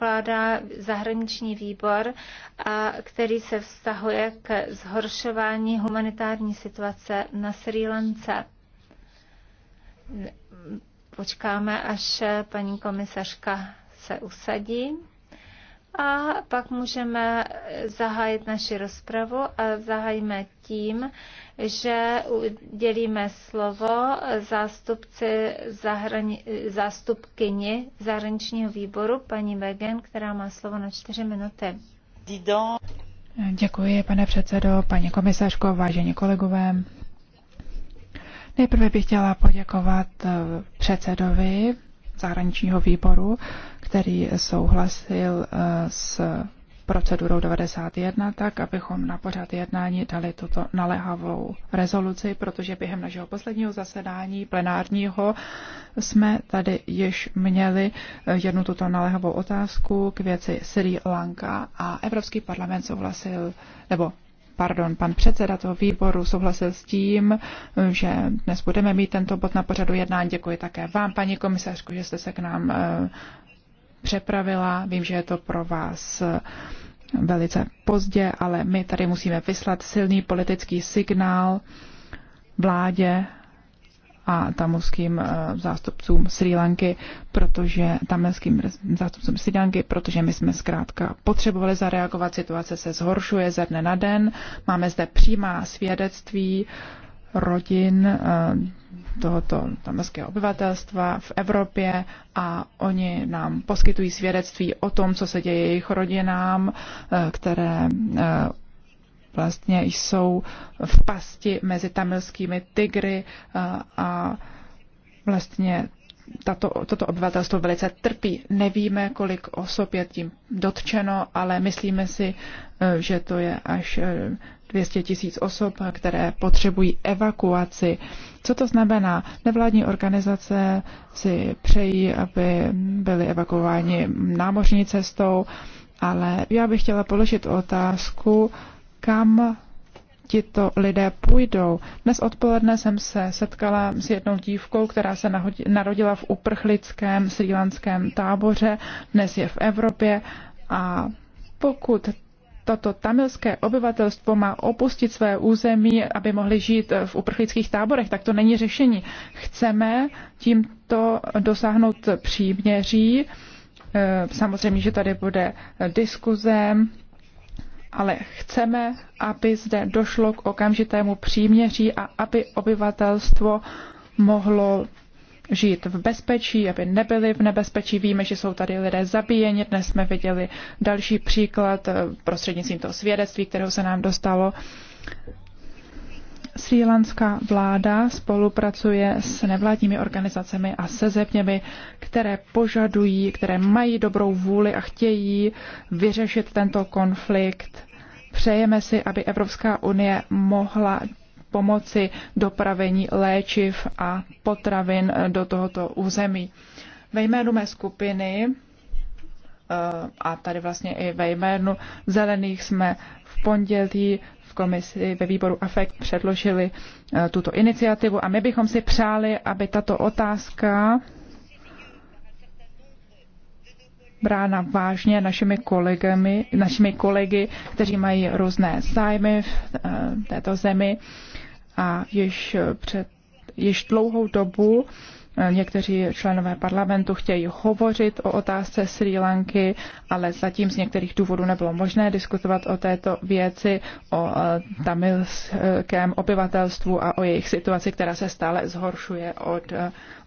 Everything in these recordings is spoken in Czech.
předkládá zahraniční výbor, a který se vztahuje k zhoršování humanitární situace na Sri Lance. Počkáme, až paní komisařka se usadí. A pak můžeme zahájit naši rozpravu a zahájíme tím, že dělíme slovo zástupci zahrani, zástupkyni zahraničního výboru, paní Wegen, která má slovo na čtyři minuty. Děkuji, pane předsedo, paní komisařko, vážení kolegové. Nejprve bych chtěla poděkovat předsedovi zahraničního výboru, který souhlasil eh, s procedurou 91, tak abychom na pořad jednání dali tuto naléhavou rezoluci, protože během našeho posledního zasedání plenárního jsme tady již měli eh, jednu tuto naléhavou otázku k věci Sri Lanka a Evropský parlament souhlasil, nebo pardon, pan předseda toho výboru souhlasil s tím, eh, že dnes budeme mít tento bod na pořadu jednání. Děkuji také vám, paní komisařku, že jste se k nám přepravila. Vím, že je to pro vás eh, velice pozdě, ale my tady musíme vyslat silný politický signál vládě a tamovským eh, zástupcům Sri Lanky, protože tamelským zástupcům Sri Lanky, protože my jsme zkrátka potřebovali zareagovat, situace se zhoršuje ze dne na den, máme zde přímá svědectví rodin eh, tohoto tamilského obyvatelstva v Evropě a oni nám poskytují svědectví o tom, co se děje jejich rodinám, eh, které eh, vlastně jsou v pasti mezi tamilskými tygry a vlastně tato, toto obyvatelstvo velice trpí. Nevíme, kolik osob je tím dotčeno, ale myslíme si, eh, že to je až 200 eh, tisíc osob, které potřebují evakuaci. Co to znamená? Nevládní organizace si přejí, aby byly evakuováni námořní cestou, ale já bych chtěla položit otázku, kam tito lidé půjdou. Dnes odpoledne jsem se setkala s jednou dívkou, která se narodila v uprchlickém srílanském táboře, dnes je v Evropě a pokud toto tamilské obyvatelstvo má opustit své území, aby mohli žít v uprchlických táborech, tak to není řešení. Chceme tímto dosáhnout příměří. E, samozřejmě, že tady bude diskuze, ale chceme, aby zde došlo k okamžitému příměří a aby obyvatelstvo mohlo žít v bezpečí, aby nebyli v nebezpečí. Víme, že jsou tady lidé zabíjeni. Dnes jsme viděli další příklad eh, prostřednictvím toho svědectví, kterého se nám dostalo. Sýlanská vláda spolupracuje s nevládními organizacemi a se zeměmi, které požadují, které mají dobrou vůli a chtějí vyřešit tento konflikt. Přejeme si, aby Evropská unie mohla pomoci dopravení léčiv a potravin do tohoto území. Ve jménu mé skupiny eh, a tady vlastně i ve jménu zelených jsme v pondělí v komisi ve výboru AFEK předložili e, tuto iniciativu a my bychom si přáli, aby tato otázka brána vážně našimi, kolegami, našimi kolegy, kteří mají různé zájmy v e, této zemi a již před již dlouhou dobu Někteří členové parlamentu chtějí hovořit o otázce Sri Lanky, ale zatím z některých důvodů nebylo možné diskutovat o této věci, o eh, tamilském obyvatelstvu a o jejich situaci, která se stále zhoršuje od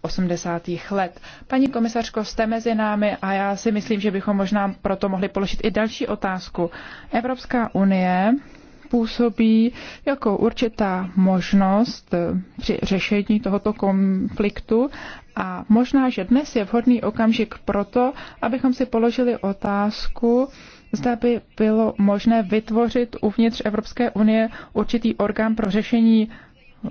80. Eh, let. Paní komisařko, jste mezi námi a já si myslím, že bychom možná proto mohli položit i další otázku. Evropská unie působí jako určitá možnost eh, při řešení tohoto konfliktu a možná, že dnes je vhodný okamžik proto, abychom si položili otázku, zda by bylo možné vytvořit uvnitř Evropské unie určitý orgán pro řešení eh,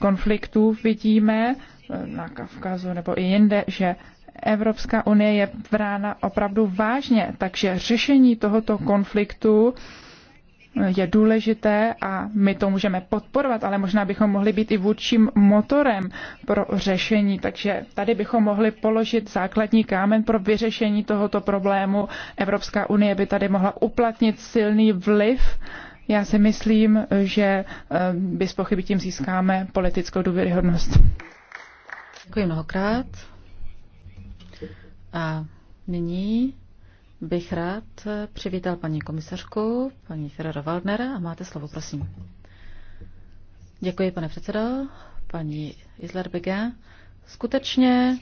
konfliktů. Vidíme eh, na Kavkazu nebo i jinde, že Evropská unie je brána opravdu vážně, takže řešení tohoto konfliktu je důležité a my to můžeme podporovat, ale možná bychom mohli být i vůdčím motorem pro řešení. Takže tady bychom mohli položit základní kámen pro vyřešení tohoto problému. Evropská unie by tady mohla uplatnit silný vliv. Já si myslím, že eh, by s tím získáme politickou důvěryhodnost. Děkuji mnohokrát. A nyní bych rád přivítal paní komisařku, paní Ferrero Waldnera a máte slovo, prosím. Děkuji, pane předsedo, paní Islerbige. Skutečně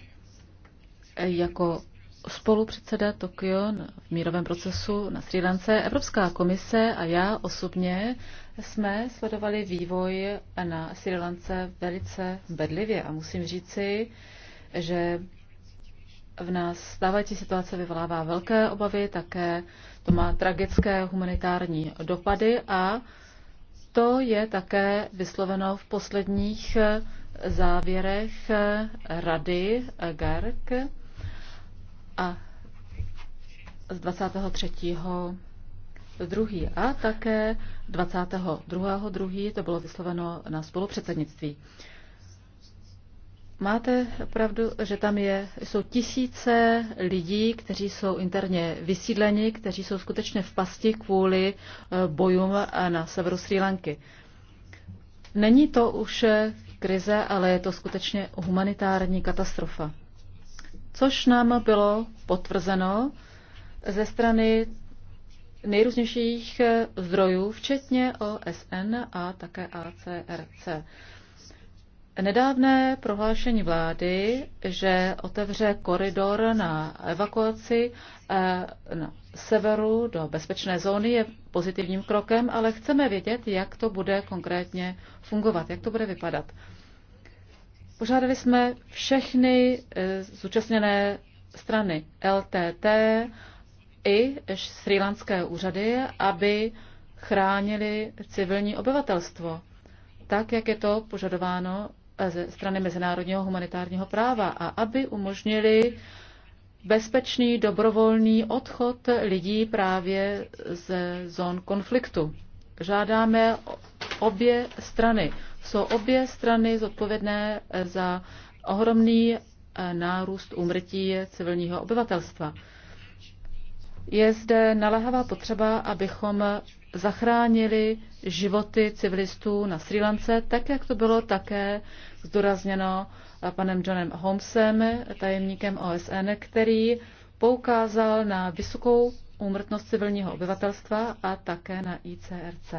eh, jako spolupředseda Tokio v mírovém procesu na Sri Lance, Evropská komise a já osobně jsme sledovali vývoj na Sri Lance velice bedlivě a musím říci, že v nás stávající situace vyvolává velké obavy, také to má tragické humanitární dopady a to je také vysloveno v posledních eh, závěrech eh, Rady eh, GERK a z 23. 2. a také 22. 2. to bylo vysloveno na spolupředsednictví. Máte pravdu, že tam je, jsou tisíce lidí, kteří jsou interně vysídleni, kteří jsou skutečně v pasti kvůli eh, bojům eh, na severu Sri Lanky. Není to už eh, krize, ale je to skutečně humanitární katastrofa. Což nám bylo potvrzeno ze strany nejrůznějších zdrojů, včetně OSN a také ACRC. Nedávné prohlášení vlády, že otevře koridor na evakuaci eh, na severu do bezpečné zóny, je pozitivním krokem, ale chceme vědět, jak to bude konkrétně fungovat, jak to bude vypadat. Požádali jsme všechny eh, zúčastněné strany LTT i Sri Lanské úřady, aby chránili civilní obyvatelstvo, tak jak je to požadováno ze strany mezinárodního humanitárního práva a aby umožnili bezpečný dobrovolný odchod lidí právě ze zón konfliktu. Žádáme obě strany. Jsou obě strany zodpovědné za ohromný eh, nárůst úmrtí civilního obyvatelstva. Je zde naléhavá potřeba, abychom zachránili životy civilistů na Sri Lance, tak jak to bylo také zdůrazněno panem Johnem Holmesem, tajemníkem OSN, který poukázal na vysokou úmrtnost civilního obyvatelstva a také na ICRC.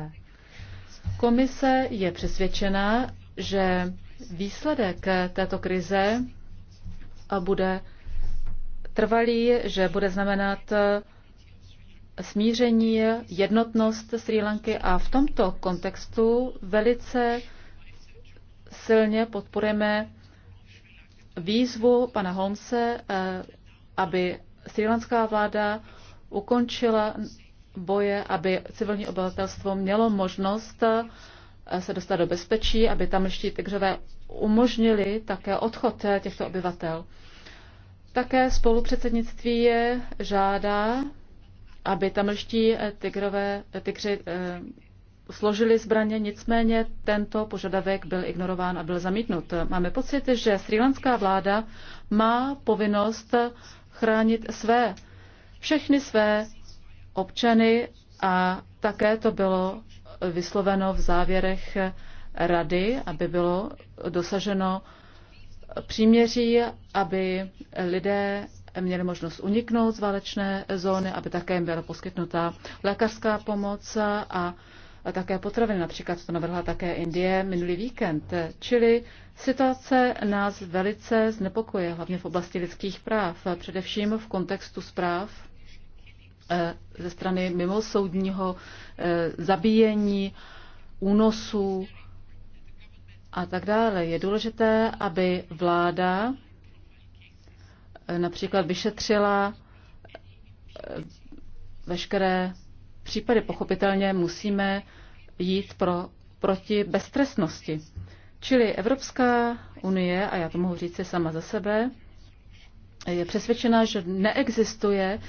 Komise je přesvědčena, že výsledek této krize bude trvalý, že bude znamenat smíření, jednotnost Sri Lanky a v tomto kontextu velice silně podporujeme výzvu pana Holmse, eh, aby srílanská vláda ukončila boje, aby civilní obyvatelstvo mělo možnost eh, se dostat do bezpečí, aby tam ještě tygřové umožnili také odchod eh, těchto obyvatel. Také spolupředsednictví žádá aby tamilští eh, tigrové, eh, tigři eh, složili zbraně, nicméně tento požadavek byl ignorován a byl zamítnut. Máme pocit, že srílanská vláda má povinnost chránit své, všechny své občany a také to bylo vysloveno v závěrech rady, aby bylo dosaženo příměří, aby lidé měli možnost uniknout z válečné zóny, aby také jim byla poskytnuta lékařská pomoc a také potraviny. Například to navrhla také Indie minulý víkend. Čili situace nás velice znepokuje, hlavně v oblasti lidských práv, především v kontextu zpráv e, ze strany mimosoudního e, zabíjení, únosů a tak dále. Je důležité, aby vláda například vyšetřila eh, veškeré případy. Pochopitelně musíme jít pro, proti beztresnosti. Čili Evropská unie, a já to mohu říct si sama za sebe, je přesvědčena, že neexistuje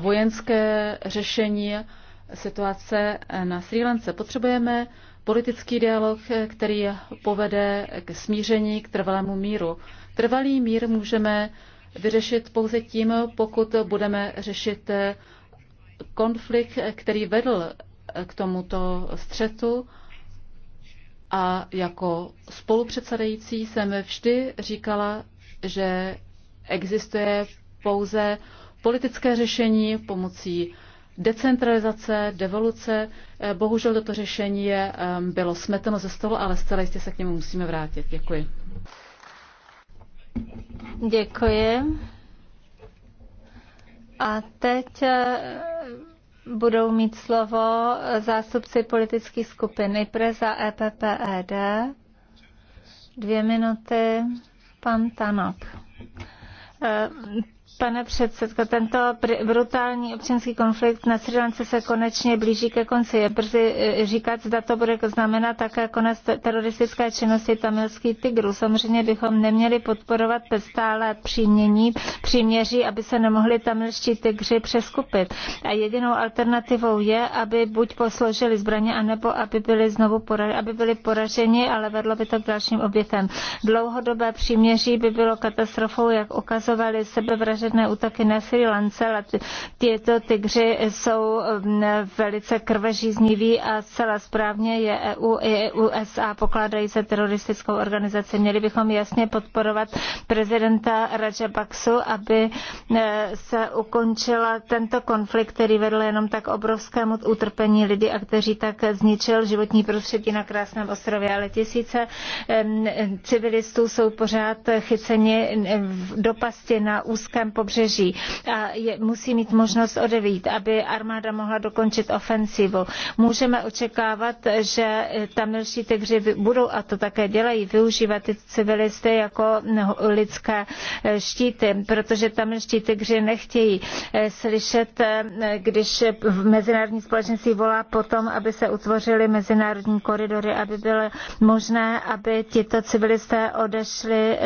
vojenské řešení situace na Sri Lance. Potřebujeme politický dialog, který povede k smíření, k trvalému míru. Trvalý mír můžeme vyřešit pouze tím, pokud budeme řešit konflikt, který vedl k tomuto střetu. A jako spolupředsedající jsem vždy říkala, že existuje pouze politické řešení pomocí decentralizace, devoluce. Bohužel toto řešení eh, bylo smeteno ze stolu, ale zcela jistě se k němu musíme vrátit. Děkuji. Děkuji. A teď eh, budou mít slovo zástupci politických skupin. Nejprve za EPPED. Dvě minuty. Pan Tanok. Eh, pane předsedko. Tento brutální občanský konflikt na Sri Lance se konečně blíží ke konci. Je brzy e, říkat, zda to bude znamenat také konec teroristické činnosti tamilský tygru. Samozřejmě bychom neměli podporovat stále přímění, příměří, aby se nemohli tamilští tygři přeskupit. A jedinou alternativou je, aby buď posložili zbraně, anebo aby byli znovu poraženi, aby byli poraženi, ale vedlo by to k dalším obětem. Dlouhodobé příměří by bylo katastrofou, jak ukazovali sebevražedné strašné útoky na Sri Lance, ale tyto tygři jsou mm, velice krvežízniví a zcela správně je EU i USA pokládají za teroristickou organizaci. Měli bychom jasně podporovat prezidenta Rajapaksu, aby mm, se ukončila tento konflikt, který vedl jenom tak obrovskému utrpení lidí a kteří tak zničil životní prostředí na krásném ostrově, ale tisíce mm, civilistů jsou pořád chyceni do pasti na úzkém pobřeží a je, musí mít možnost odevít, aby armáda mohla dokončit ofensivu. Můžeme očekávat, že eh, tamilští tygři budou, a to také dělají, využívat ty civilisty jako eh, lidské eh, štíty, protože tamilští tygři nechtějí slyšet, když mezinárodní společenství volá potom, aby se utvořily mezinárodní koridory, aby bylo možné, aby tito civilisté odešli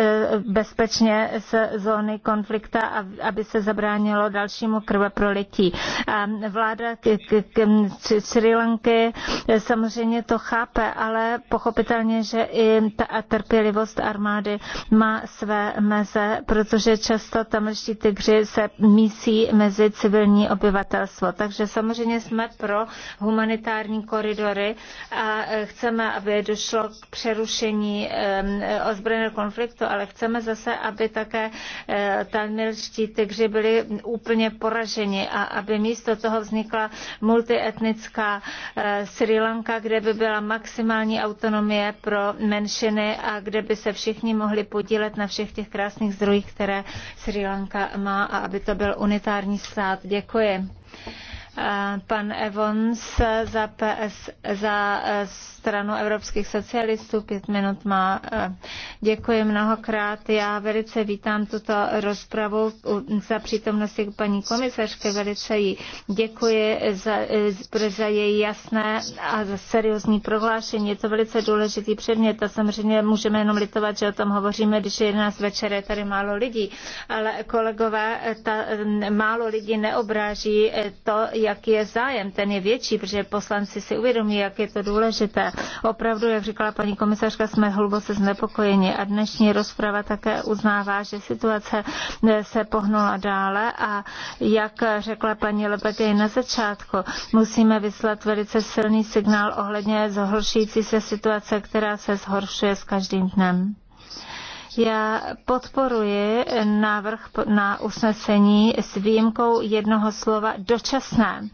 bezpečně z zóny konflikta aby se zabránilo dalšímu krveprolití. A vláda k, k, k, Sri Lanky eh, samozřejmě to chápe, ale pochopitelně, že i ta trpělivost armády má své meze, protože často tamhlští tygři se mísí mezi civilní obyvatelstvo. Takže samozřejmě jsme pro humanitární koridory a eh, chceme, aby došlo k přerušení eh, ozbrojeného konfliktu, ale chceme zase, aby také tamilští arménští tygři byli úplně poraženi a aby místo toho vznikla multietnická eh, Sri Lanka, kde by byla maximální autonomie pro menšiny a kde by se všichni mohli podílet na všech těch krásných zdrojích, které Sri Lanka má a aby to byl unitární stát. Děkuji pan Evans za, PS, za eh, stranu evropských socialistů. Pět minut má. Eh, děkuji mnohokrát. Já velice vítám tuto rozpravu za přítomnosti paní komisařky. Velice jí děkuji za, eh, za její jasné a za seriózní prohlášení. Je to velice důležitý předmět a samozřejmě můžeme jenom litovat, že o tom hovoříme, když je 11 večer je tady málo lidí. Ale kolegové, ta, málo lidí neobráží to, jaký je zájem, ten je větší, protože poslanci si uvědomí, jak je to důležité. Opravdu, jak říkala paní komisařka, jsme hluboce znepokojeni a dnešní rozprava také uznává, že situace eh, se pohnula dále a jak řekla paní Lebegej na začátku, musíme vyslat velice silný signál ohledně zhoršující se situace, která se zhoršuje s každým dnem. Já podporuji návrh na usnesení s výjimkou jednoho slova dočasné.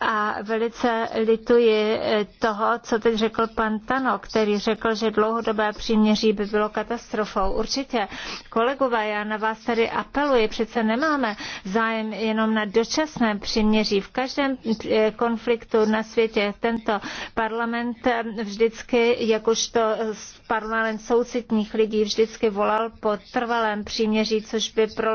A velice lituji eh, toho, co teď řekl pan Tano, který řekl, že dlouhodobé příměří by bylo katastrofou. Určitě, kolegové, já na vás tady apeluji, přece nemáme zájem jenom na dočasné příměří. V každém eh, konfliktu na světě tento parlament eh, vždycky, jakožto parlament soucitních lidí, vždycky volal po trvalém příměří, což by, pro,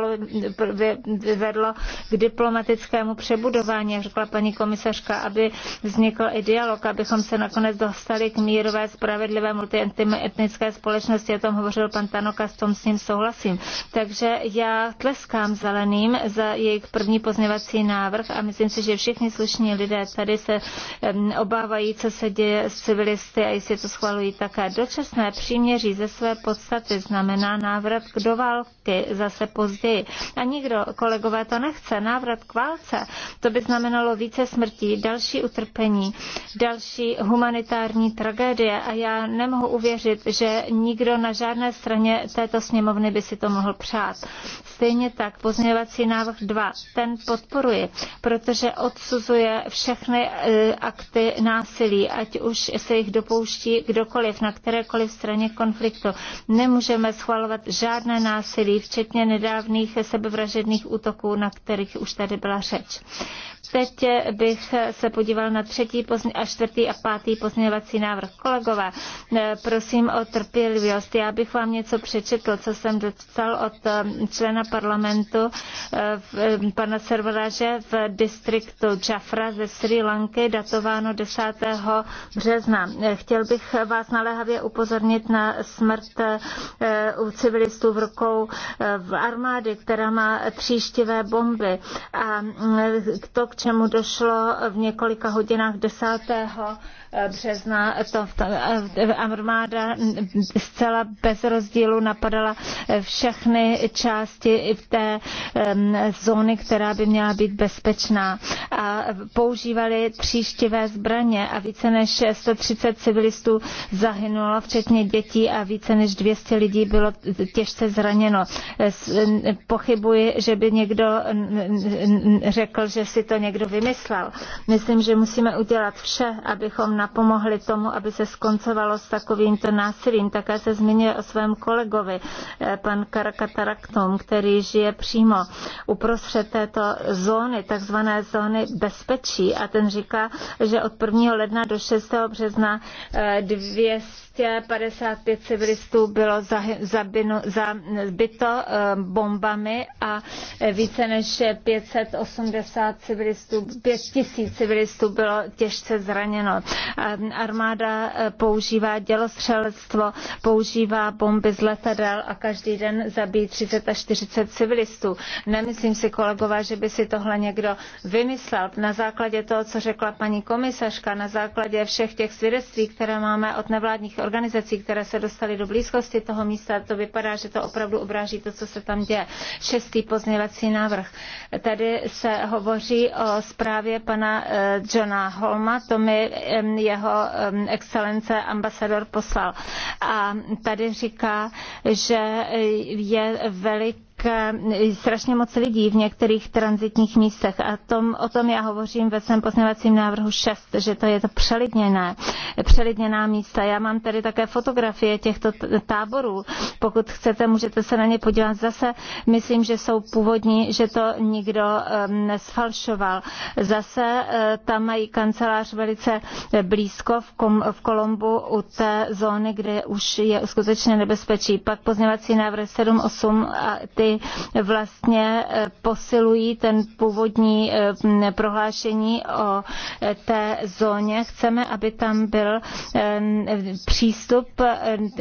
vedlo k diplomatickému přebudování, jak řekla paní komisařka, aby vznikl i dialog, abychom se nakonec dostali k mírové, spravedlivé multietnické společnosti. O tom hovořil pan Tanoka, s tom s ním souhlasím. Takže já tleskám zeleným za jejich první pozněvací návrh a myslím si, že všichni slušní lidé tady se obávají, co se děje s civilisty a jestli to schvalují také. Dočasné příměří ze své podstaty znamená, znamená návrat k do války zase později. A nikdo, kolegové, to nechce. Návrat k válce, to by znamenalo více smrtí, další utrpení, další humanitární tragédie a já nemohu uvěřit, že nikdo na žádné straně této sněmovny by si to mohl přát. Stejně tak pozměňovací návrh 2, ten podporuji, protože odsuzuje všechny e, akty násilí, ať už se jich dopouští kdokoliv, na kterékoliv straně konfliktu. Nemůžeme schvalovat žádné násilí, včetně nedávných sebevražedných útoků, na kterých už tady byla řeč. Teď bych se podíval na třetí a čtvrtý a pátý pozměňovací návrh. Kolegové, prosím o trpělivost. Já bych vám něco přečetl, co jsem dostal od um, člena parlamentu uh, um, pana Servaráže v distriktu Jafra ze Sri Lanky, datováno 10. března. Chtěl bych vás naléhavě upozornit na smrt uh, u civilistů v rukou uh, v armády, která má tříštivé bomby. A um, to, k čemu došlo v několika hodinách 10. Eh, března. To, to, eh, armáda zcela bez rozdílu napadala eh, všechny části v té um, zóny, která by měla být bezpečná. A používali tříštivé zbraně a více než 130 civilistů zahynulo, včetně dětí a více než 200 lidí bylo těžce zraněno. Pochybuji, že by někdo řekl, že si to někdo vymyslel. Myslím, že musíme udělat vše, abychom napomohli tomu, aby se skoncovalo s takovýmto násilím. Také se zmiňuje o svém kolegovi, eh, pan Karakataraktum, který žije přímo uprostřed této zóny, takzvané zóny bezpečí. A ten říká, že od 1. ledna do 6. března 200 eh, 55 civilistů bylo zabito eh, bombami a eh, více než 580 civilistů, 5000 civilistů bylo těžce zraněno. Armáda eh, používá dělostřelectvo, používá bomby z letadel a každý den zabíjí 30 až 40 civilistů. Nemyslím si, kolegové, že by si tohle někdo vymyslel. Na základě toho, co řekla paní komisařka, na základě všech těch svědectví, které máme od nevládních organizací, které se dostaly do blízkosti toho místa. To vypadá, že to opravdu obráží to, co se tam děje. Šestý pozměvací návrh. Tady se hovoří o zprávě pana eh, Johna Holma, to mi jeho excelence ambasador poslal. A tady říká, že eh, je velik strašně moc lidí v některých transitních místech. A tom, o tom já hovořím ve svém poznávacím návrhu 6, že to je to přelidněné, přelidněná místa. Já mám tady také fotografie těchto táborů. Pokud chcete, můžete se na ně podívat zase. Myslím, že jsou původní, že to nikdo um, nesfalšoval. Zase uh, tam mají kancelář velice blízko v, kom, v Kolombu u té zóny, kde už je skutečně nebezpečí. Pak pozněvací návrh 7, 8 a ty vlastně eh, posilují ten původní eh, prohlášení o eh, té zóně. Chceme, aby tam byl přístup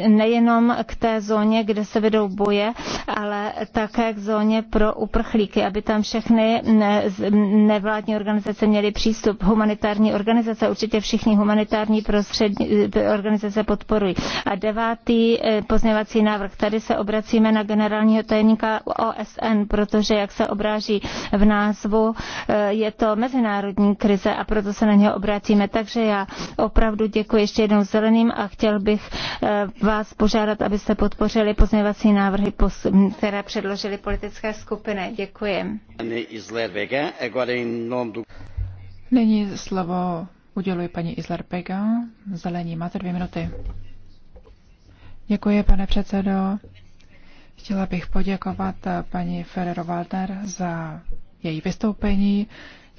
nejenom k té zóně, kde se vedou boje, ale také k zóně pro uprchlíky, aby tam všechny nevládní organizace měly přístup. Humanitární organizace, určitě všichni humanitární prostřední organizace podporují. A devátý pozměvací návrh. Tady se obracíme na generálního tajemníka OSN, protože, jak se obráží v názvu, eh, je to mezinárodní krize a proto se na něho obracíme. Takže já opravdu děkuji ještě jednou zeleným a chtěl bych eh, vás požádat, abyste podpořili pozměňovací návrhy, které předložili politické skupiny. Děkuji. Nyní slovo uděluji paní Isler Pega. Zelení, máte dvě minuty. Děkuji, pane předsedo. Chtěla bych poděkovat eh, paní ferrero walter za její vystoupení.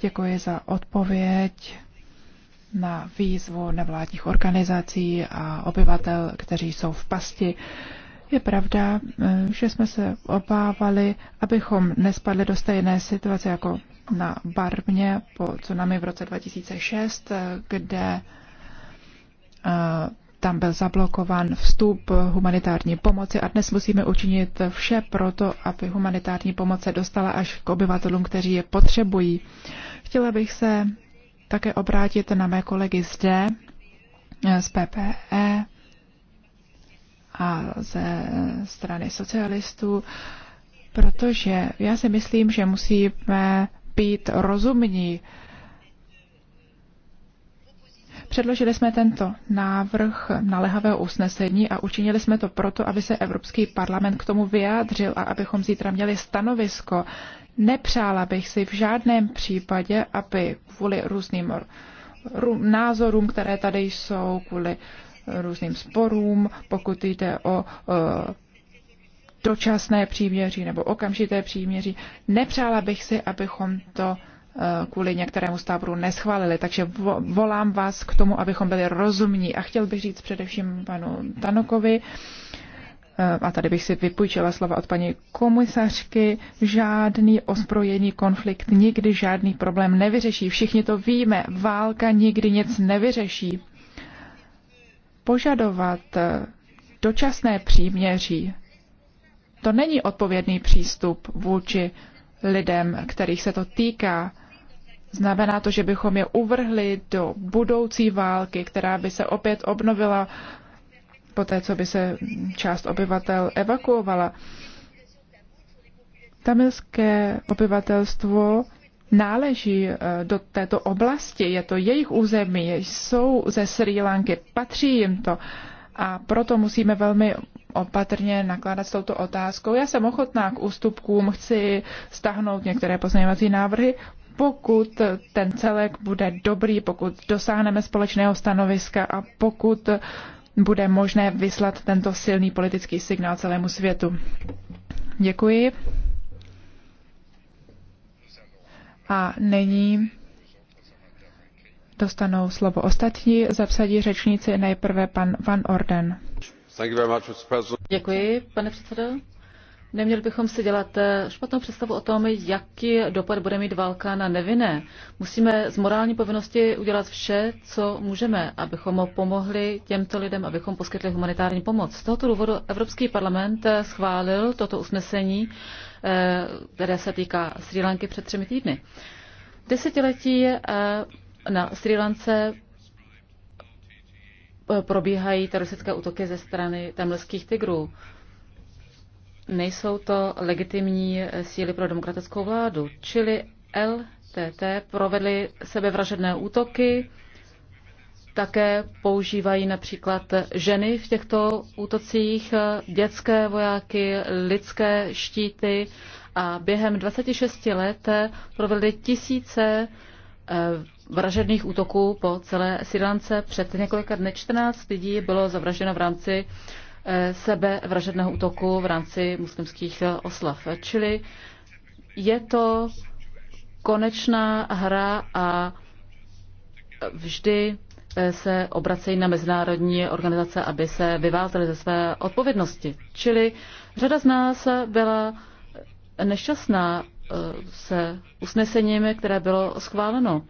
Děkuji za odpověď na výzvu nevládních organizací a obyvatel, kteří jsou v pasti. Je pravda, eh, že jsme se obávali, abychom nespadli do stejné situace jako na Barmě po tsunami v roce 2006, eh, kde tam byl zablokován vstup humanitární pomoci a dnes musíme učinit vše proto, aby humanitární pomoc se dostala až k obyvatelům, kteří je potřebují. Chtěla bych se také obrátit na mé kolegy zde eh, z PPE a ze strany socialistů, protože já si myslím, že musíme být rozumní Předložili jsme tento návrh naléhavého usnesení a učinili jsme to proto, aby se Evropský parlament k tomu vyjádřil a abychom zítra měli stanovisko. Nepřála bych si v žádném případě, aby kvůli různým názorům, které tady jsou, kvůli různým sporům, pokud jde o e, dočasné příměří nebo okamžité příměří. Nepřála bych si, abychom to Eh, kvůli některému stábru neschválili. Takže volám vás k tomu, abychom byli rozumní. A chtěl bych říct především panu Tanokovi, eh, a tady bych si vypůjčila slova od paní komisařky, žádný ozbrojený konflikt nikdy žádný problém nevyřeší. Všichni to víme, válka nikdy nic nevyřeší. Požadovat eh, dočasné příměří, to není odpovědný přístup vůči lidem, kterých se to týká. Znamená to, že bychom je uvrhli do budoucí války, která by se opět obnovila po té, co by se část obyvatel evakuovala. Tamilské obyvatelstvo náleží eh, do této oblasti, je to jejich území, jsou ze Sri Lanky, patří jim to a proto musíme velmi opatrně nakládat s touto otázkou. Já jsem ochotná k ústupkům, chci stahnout některé pozměňovací návrhy, pokud ten celek bude dobrý, pokud dosáhneme společného stanoviska a pokud bude možné vyslat tento silný politický signál celému světu. Děkuji. A nyní dostanou slovo ostatní. Zapsadí řečníci nejprve pan Van Orden. Děkuji, pane předsedo. Neměli bychom si dělat eh, špatnou představu o tom, jaký dopad bude mít válka na nevinné. Musíme z morální povinnosti udělat vše, co můžeme, abychom pomohli těmto lidem, abychom poskytli humanitární pomoc. Z tohoto důvodu Evropský parlament eh, schválil toto usnesení, eh, které se týká Sri Lanky před třemi týdny. Desetiletí na Sri Lance probíhají teroristické útoky ze strany tamilských tigrů nejsou to legitimní síly pro demokratickou vládu, čili LTT provedly sebevražedné útoky, také používají například ženy v těchto útocích, dětské vojáky, lidské štíty a během 26 let provedly tisíce eh, vražedných útoků po celé Sri Lance. Před několika dny 14 lidí bylo zavražděno v rámci sebevražedného útoku v rámci muslimských oslav. Čili je to konečná hra a vždy eh, se obracejí na mezinárodní organizace, aby se vyvázely ze své odpovědnosti. Čili řada z nás byla nešťastná eh, se usnesením, které bylo schváleno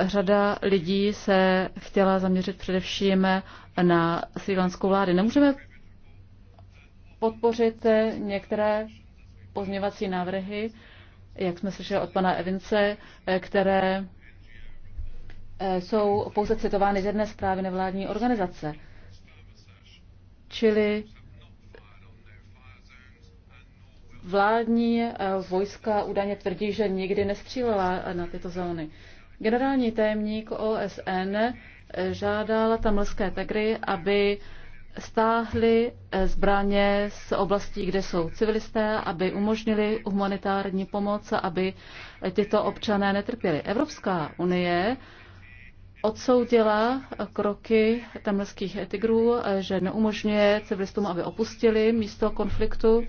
řada lidí se chtěla zaměřit především na srílanskou vládu. Nemůžeme podpořit některé pozměvací návrhy, jak jsme slyšeli od pana Evince, které eh, jsou pouze citovány z jedné zprávy nevládní organizace. Čili vládní eh, vojska údajně tvrdí, že nikdy nestřílela na tyto zóny. Generální tajemník OSN eh, žádal tamilské Tegry, aby stáhli eh, zbraně z oblastí, kde jsou civilisté, aby umožnili humanitární pomoc, aby tyto občané netrpěli. Evropská unie odsoudila kroky tamilských tigrů, eh, že neumožňuje civilistům, aby opustili místo konfliktu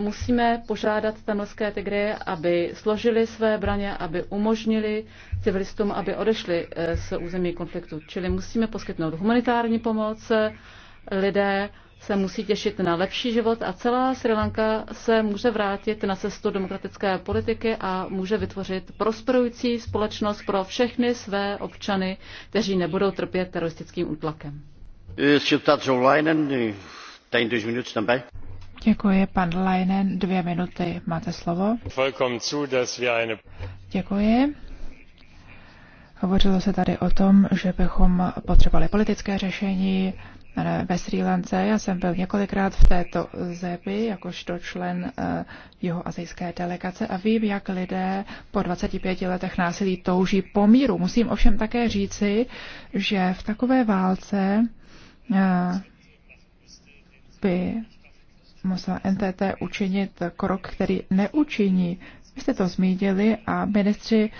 musíme požádat tamilské Tigry, aby složili své braně, aby umožnili civilistům, aby odešli z území konfliktu. Čili musíme poskytnout humanitární pomoc, lidé se musí těšit na lepší život a celá Sri Lanka se může vrátit na cestu demokratické politiky a může vytvořit prosperující společnost pro všechny své občany, kteří nebudou trpět teroristickým útlakem. Děkuji, pan Leinen, dvě minuty, máte slovo. Děkuji. Hovořilo se tady o tom, že bychom potřebovali politické řešení eh, ve Sri Lance. Já jsem byl několikrát v této zemi jakožto člen eh, jeho azijské delegace a vím, jak lidé po 25 letech násilí touží po míru. Musím ovšem také říci, že v takové válce eh, by musela NTT učinit krok, který neučiní. Vy jste to zmínili a ministři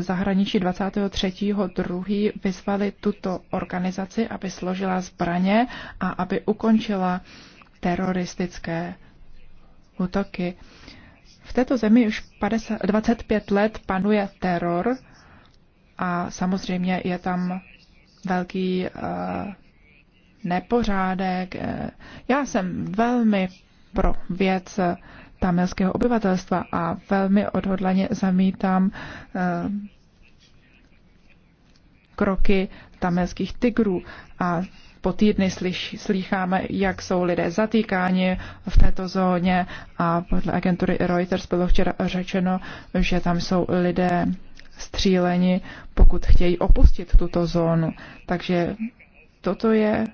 zahraničí 23.2. vyzvali tuto organizaci, aby složila zbraně a aby ukončila teroristické útoky. V této zemi už 50, 25 let panuje teror a samozřejmě je tam velký uh, nepořádek. Eh, já jsem velmi pro věc eh, tamilského obyvatelstva a velmi odhodlaně zamítám eh, kroky tamilských tigrů a po týdny slyš, jak jsou lidé zatýkáni v této zóně a podle agentury Reuters bylo včera řečeno, že tam jsou lidé stříleni, pokud chtějí opustit tuto zónu. Takže toto je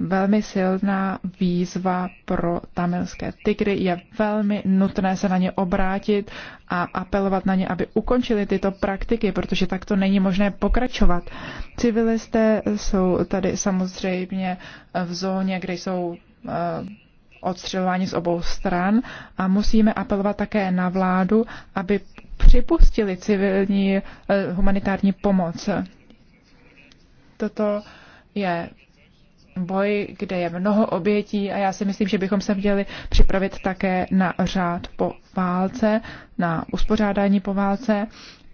velmi silná výzva pro tamilské tygry. Je velmi nutné se na ně obrátit a apelovat na ně, aby ukončili tyto praktiky, protože tak to není možné pokračovat. Civilisté jsou tady samozřejmě v zóně, kde jsou eh, odstřelování z obou stran a musíme apelovat také na vládu, aby připustili civilní eh, humanitární pomoc. Toto je boj, kde je mnoho obětí a já si myslím, že bychom se měli připravit také na řád po válce, na uspořádání po válce.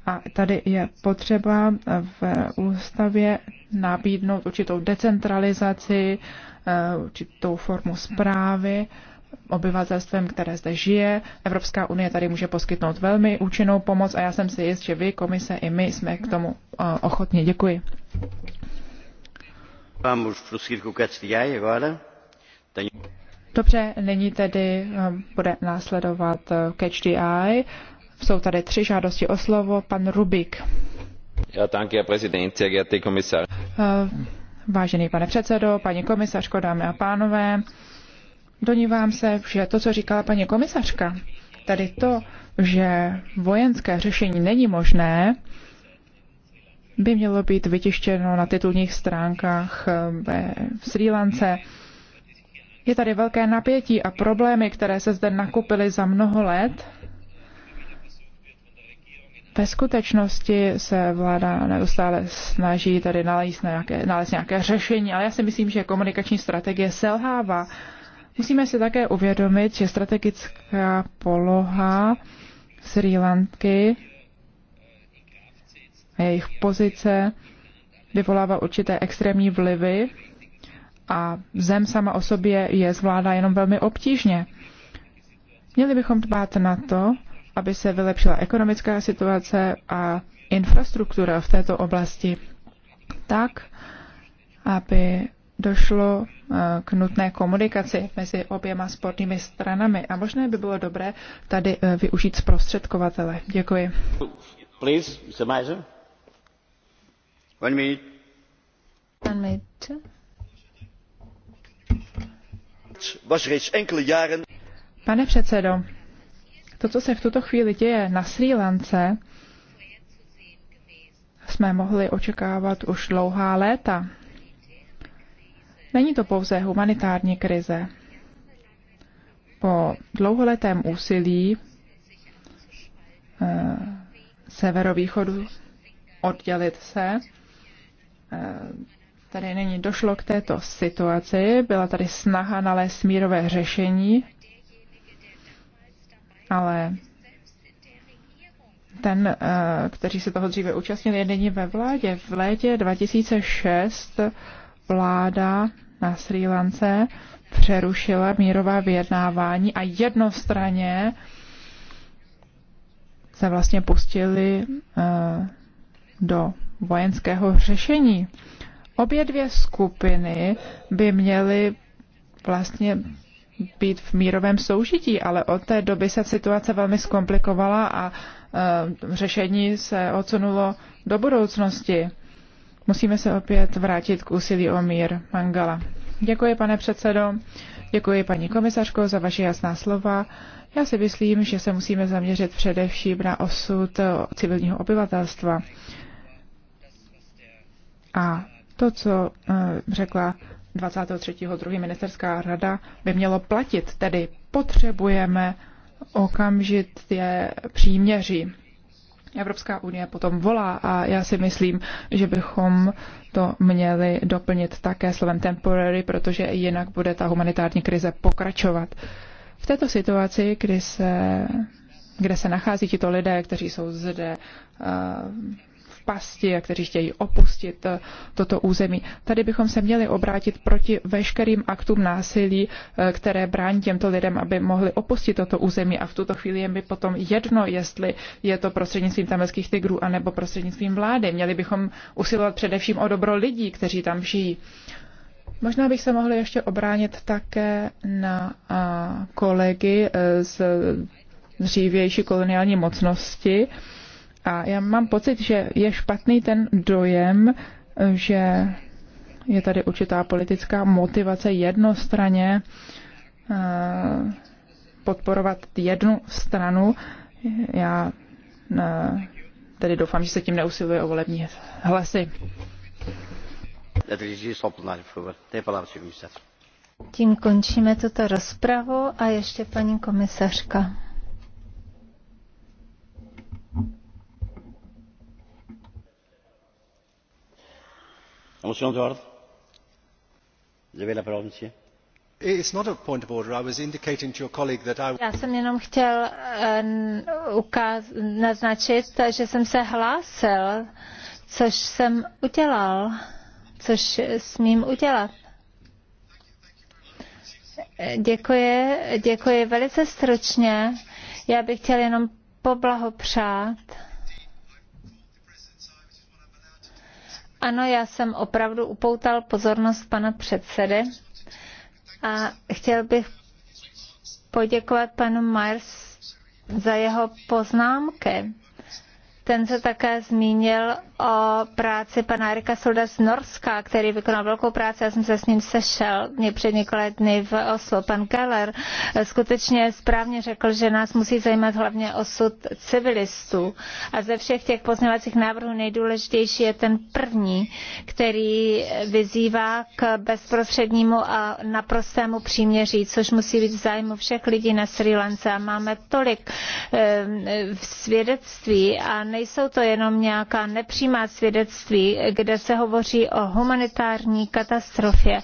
A tady je potřeba v ústavě nabídnout určitou decentralizaci, eh, určitou formu zprávy obyvatelstvem, které zde žije. Evropská unie tady může poskytnout velmi účinnou pomoc a já jsem si jist, že vy, komise i my jsme k tomu eh, ochotně. Děkuji. Dobře, nyní tedy eh, bude následovat eh, Catch Jsou tady tři žádosti o slovo. Pan Rubik. Ja, danke, Herr Präsident, sehr geehrte Kommissar. Eh, vážený pane předsedo, paní komisařko, dámy a pánové, donívám se, že to, co říkala paní komisařka, tady to, že vojenské řešení není možné, by mělo být vytištěno na titulních stránkách eh, ve Sri Lance. Je tady velké napětí a problémy, které se zde nakupily za mnoho let. Ve skutečnosti se vláda neustále snaží tady nalézt nějaké, nalézt nějaké řešení, ale já si myslím, že komunikační strategie selhává. Musíme si také uvědomit, že strategická poloha Sri Lanky jejich pozice vyvolává určité extrémní vlivy a zem sama o sobě je zvládá jenom velmi obtížně. Měli bychom dbát na to, aby se vylepšila ekonomická situace a infrastruktura v této oblasti tak, aby došlo eh, k nutné komunikaci mezi oběma sportními stranami a možná by bylo dobré tady eh, využít zprostředkovatele. Děkuji. Please, Mr. One minute. One minute. Er Pane předsedo, to, co se v tuto chvíli děje na Sri Lance, jsme mohli očekávat už dlouhá léta. Není to pouze humanitární krize. Po dlouholetém úsilí eh, severovýchodu oddělit se tady není došlo k této situaci, byla tady snaha nalézt mírové řešení, ale ten, eh, který se toho dříve účastnili, je nyní ve vládě. V létě 2006 vláda na Sri Lance přerušila mírová vyjednávání a jednostranně se vlastně pustili eh, do vojenského řešení. Obě dvě skupiny by měly vlastně být v mírovém soužití, ale od té doby se situace velmi zkomplikovala a e, řešení se odsunulo do budoucnosti. Musíme se opět vrátit k úsilí o mír Mangala. Děkuji, pane předsedo. Děkuji, paní komisařko, za vaše jasná slova. Já si myslím, že se musíme zaměřit především na osud civilního obyvatelstva. A to, co eh, řekla 23.2. ministerská rada, by mělo platit, tedy potřebujeme okamžitě příměří. Evropská unie potom volá a já si myslím, že bychom to měli doplnit také slovem temporary, protože jinak bude ta humanitární krize pokračovat. V této situaci, kdy se, kde se nachází tito lidé, kteří jsou zde eh, pasti a kteří chtějí opustit eh, toto území. Tady bychom se měli obrátit proti veškerým aktům násilí, eh, které brání těmto lidem, aby mohli opustit toto území a v tuto chvíli je mi potom jedno, jestli je to prostřednictvím tamelských tigrů anebo prostřednictvím vlády. Měli bychom usilovat především o dobro lidí, kteří tam žijí. Možná bych se mohl ještě obránit také na eh, kolegy z dřívější koloniální mocnosti, a já mám pocit, že je špatný ten dojem, že je tady určitá politická motivace jednostraně eh, podporovat jednu stranu. Já eh, tedy doufám, že se tím neusiluje o volební hlasy. Tím končíme tuto rozpravu a ještě paní komisařka. já jsem jenom chtěl eh, naznačit že jsem se hlásil což jsem udělal což smím udělat. Děkuji, děkuji velice stručně. Já bych chtěl jenom poblahopřát Ano, já jsem opravdu upoutal pozornost pana předsedy a chtěl bych poděkovat panu Myers za jeho poznámky. Ten se také zmínil o práci pana Erika Solda z Norska, který vykonal velkou práci. Já jsem se s ním sešel mě před několika dny v Oslo. Pan Keller skutečně správně řekl, že nás musí zajímat hlavně osud civilistů. A ze všech těch pozměňovacích návrhů nejdůležitější je ten první, který vyzývá k bezprostřednímu a naprostému příměří, což musí být v zájmu všech lidí na Sri Lance. A máme tolik eh, svědectví a nejsou to jenom nějaká nepřímá svědectví, kde se hovoří o humanitární katastrofě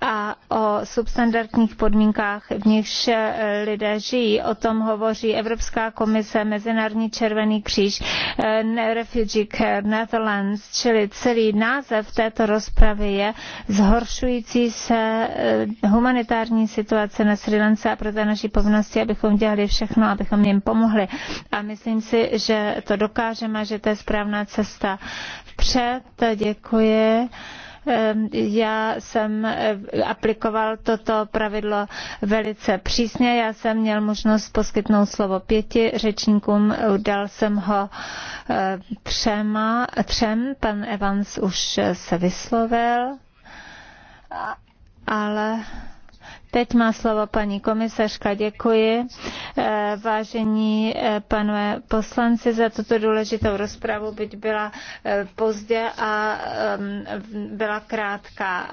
a o substandardních podmínkách, v nichž eh, lidé žijí. O tom hovoří Evropská komise, Mezinárodní červený kříž, eh, Refugee Care, Netherlands, čili celý název této rozpravy je zhoršující se eh, humanitární situace na Sri Lance a proto je naší povinnosti, abychom dělali všechno, abychom jim pomohli. A myslím si, že to dokáže a že to je správná cesta vpřed. Děkuji já jsem eh, aplikoval toto pravidlo velice přísně. Já jsem měl možnost poskytnout slovo pěti řečníkům, dal jsem ho eh, třema, třem, pan Evans už se vyslovil, ale Teď má slovo paní komisařka. Děkuji. Eh, vážení eh, panové poslanci za tuto důležitou rozpravu, byť byla eh, pozdě a ehm, byla krátká.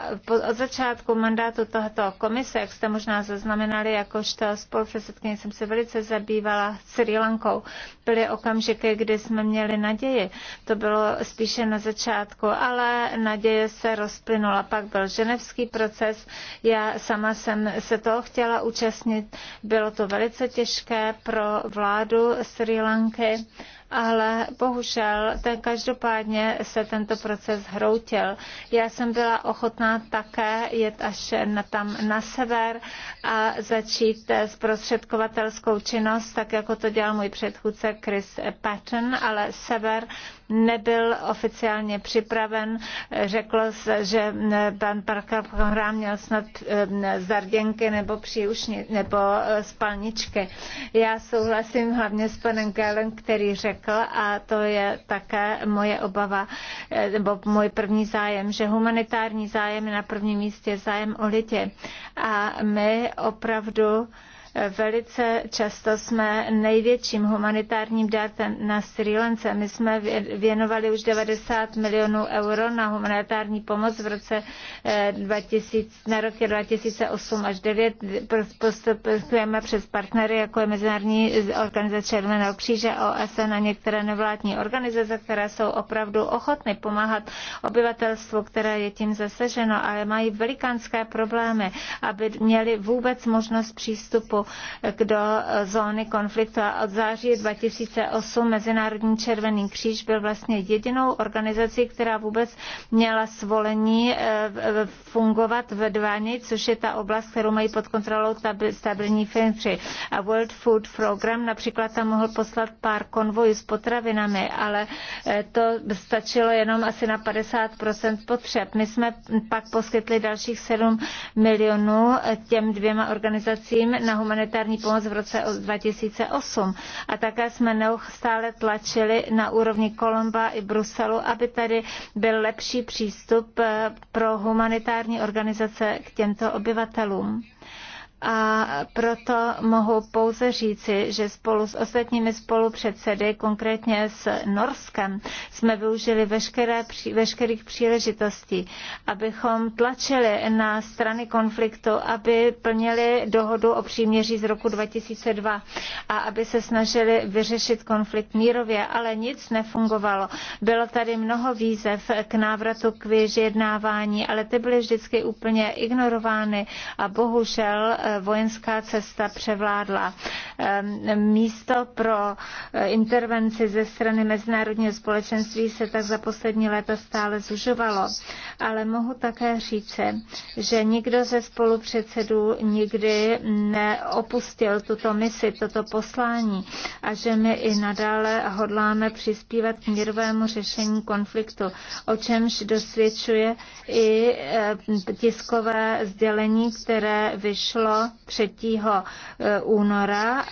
Od začátku mandátu tohoto komise, jak jste možná zaznamenali, jakožto spolupředsedkyně jsem se velice zabývala Sri Lankou. Byly okamžiky, kdy jsme měli naději. To bylo spíše na začátku, ale naděje se rozplynula. Pak byl ženevský proces. Já sama jsem se toho chtěla účastnit. Bylo to velice těžké pro vládu Sri Lanky, ale bohužel ten každopádně se tento proces hroutil. Já jsem byla ochotná také jet až na, tam na sever a začít zprostředkovatelskou činnost, tak jako to dělal můj předchůdce Chris Patton, ale sever nebyl oficiálně připraven. Řekl, že pan Parker Program měl snad eh, zarděnky nebo příušní, nebo eh, spalničky. Já souhlasím hlavně s panem Gelem, který řekl, a to je také moje obava, eh, nebo můj první zájem, že humanitární zájem je na prvním místě zájem o lidi. A my opravdu Velice často jsme největším humanitárním dárcem na Sri Lance. My jsme věnovali už 90 milionů euro na humanitární pomoc v roce 2000, eh, na roky 2008 až 2009. Postupujeme přes partnery, jako je Mezinárodní organizace Červeného kříže, OSN a některé nevládní organizace, které jsou opravdu ochotny pomáhat obyvatelstvu, které je tím zaseženo, ale mají velikánské problémy, aby měli vůbec možnost přístupu do zóny konfliktu a od září 2008 Mezinárodní červený kříž byl vlastně jedinou organizací, která vůbec měla svolení eh, fungovat ve Dváni, což je ta oblast, kterou mají pod kontrolou stabilní firmy A World Food Program například tam mohl poslat pár konvojů s potravinami, ale eh, to stačilo jenom asi na 50% potřeb. My jsme pak poskytli dalších 7 milionů eh, těm dvěma organizacím na humanitární humanitární pomoc v roce 2008. A také jsme neustále tlačili na úrovni Kolomba i Bruselu, aby tady byl lepší přístup eh, pro humanitární organizace k těmto obyvatelům a proto mohu pouze říci, že spolu s ostatními spolupředsedy, konkrétně s Norskem, jsme využili veškeré, veškerých příležitostí, abychom tlačili na strany konfliktu, aby plnili dohodu o příměří z roku 2002 a aby se snažili vyřešit konflikt mírově, ale nic nefungovalo. Bylo tady mnoho výzev k návratu k vyjednávání, ale ty byly vždycky úplně ignorovány a bohužel vojenská cesta převládla. Ehm, místo pro eh, intervenci ze strany mezinárodního společenství se tak za poslední léta stále zužovalo. Ale mohu také říci, že nikdo ze spolupředsedů nikdy neopustil tuto misi, toto poslání a že my i nadále hodláme přispívat k mírovému řešení konfliktu, o čemž dosvědčuje i eh, tiskové sdělení, které vyšlo 3. Eh, února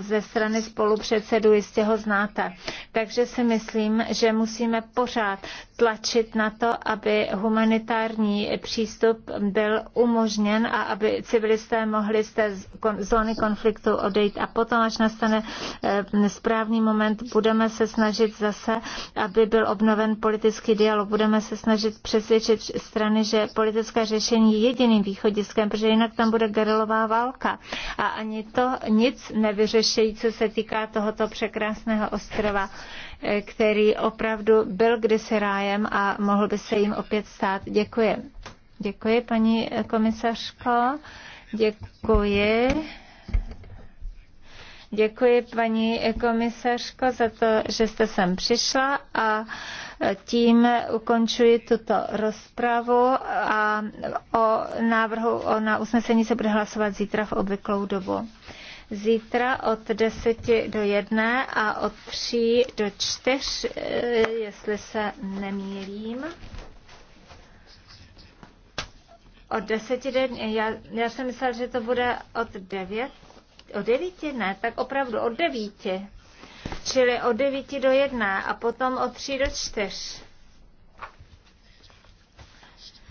ze strany spolupředsedů, jistě ho znáte. Takže si myslím, že musíme pořád tlačit na to, aby humanitární přístup byl umožněn a aby civilisté mohli z té zóny konfliktu odejít. A potom, až nastane eh, správný moment, budeme se snažit zase, aby byl obnoven politický dialog. Budeme se snažit přesvědčit strany, že politické řešení je jediným východiskem, protože jinak tam bude gerilová válka. A ani to nic nevyřeší, co se týká tohoto překrásného ostrova který opravdu byl kdysi rájem a mohl by se jim opět stát. Děkuji. Děkuji, paní komisařko. Děkuji. Děkuji, paní komisařko, za to, že jste sem přišla a tím ukončuji tuto rozpravu a o návrhu o na usnesení se bude hlasovat zítra v obvyklou dobu. Zítra od 10 do 1 a od 3 do 4, eh, jestli se nemýlím. Od 10 do, 1, já, já jsem myslel, že to bude od 9. Od 9 ne, tak opravdu od 9. Čili od 9 do 1 a potom od 3 do 4.